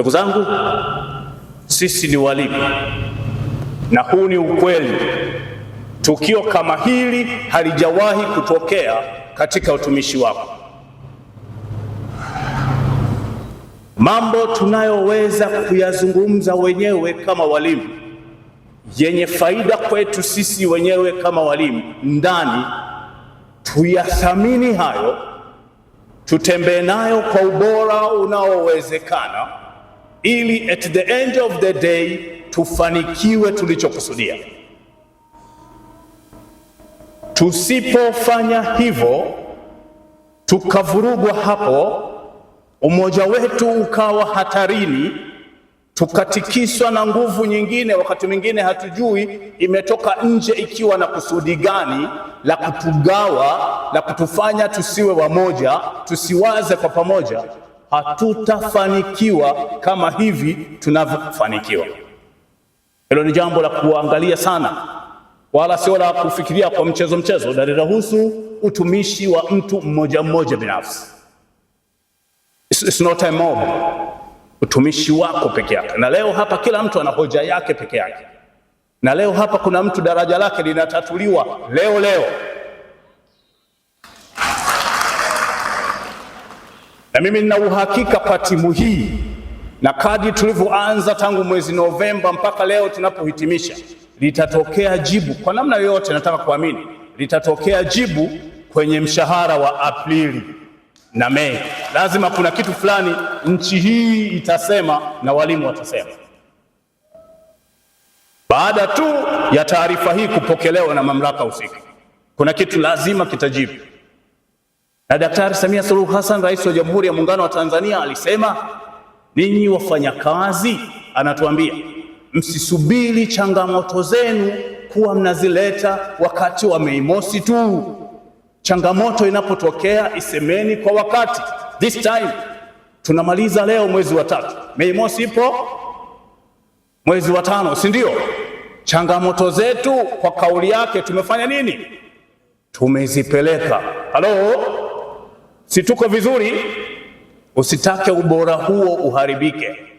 Ndugu zangu, sisi ni walimu na huu ni ukweli. Tukio kama hili halijawahi kutokea katika utumishi wako. Mambo tunayoweza kuyazungumza wenyewe kama walimu yenye faida kwetu sisi wenyewe kama walimu ndani, tuyathamini hayo, tutembee nayo kwa ubora unaowezekana ili at the end of the day tufanikiwe tulichokusudia. Tusipofanya hivyo, tukavurugwa hapo, umoja wetu ukawa hatarini, tukatikiswa na nguvu nyingine, wakati mwingine hatujui imetoka nje ikiwa na kusudi gani la kutugawa, la kutufanya tusiwe wamoja, tusiwaze kwa pamoja hatutafanikiwa kama hivi tunavyofanikiwa. Hilo ni jambo la kuangalia sana, wala sio la kufikiria kwa mchezo mchezo, na linahusu utumishi wa mtu mmoja mmoja binafsi. It's not a mob, utumishi wako peke yake. Na leo hapa kila mtu ana hoja yake peke yake, na leo hapa kuna mtu daraja lake linatatuliwa leo leo Na mimi nina uhakika kwa timu hii na kadi tulivyoanza tangu mwezi Novemba mpaka leo tunapohitimisha, litatokea jibu kwa namna yoyote, nataka kuamini litatokea jibu kwenye mshahara wa Aprili na Mei. Lazima kuna kitu fulani nchi hii itasema na walimu watasema, baada tu ya taarifa hii kupokelewa na mamlaka husika, kuna kitu lazima kitajibu. Na Daktari Samia Suluhu Hassan, rais wa Jamhuri ya Muungano wa Tanzania, alisema ninyi wafanyakazi, anatuambia msisubiri changamoto zenu kuwa mnazileta wakati wa Mei Mosi tu. Changamoto inapotokea isemeni kwa wakati. This time tunamaliza leo mwezi wa tatu, Mei Mosi ipo mwezi wa tano, si ndio? Changamoto zetu kwa kauli yake tumefanya nini? Tumezipeleka. Halo si tuko vizuri, usitake ubora huo uharibike.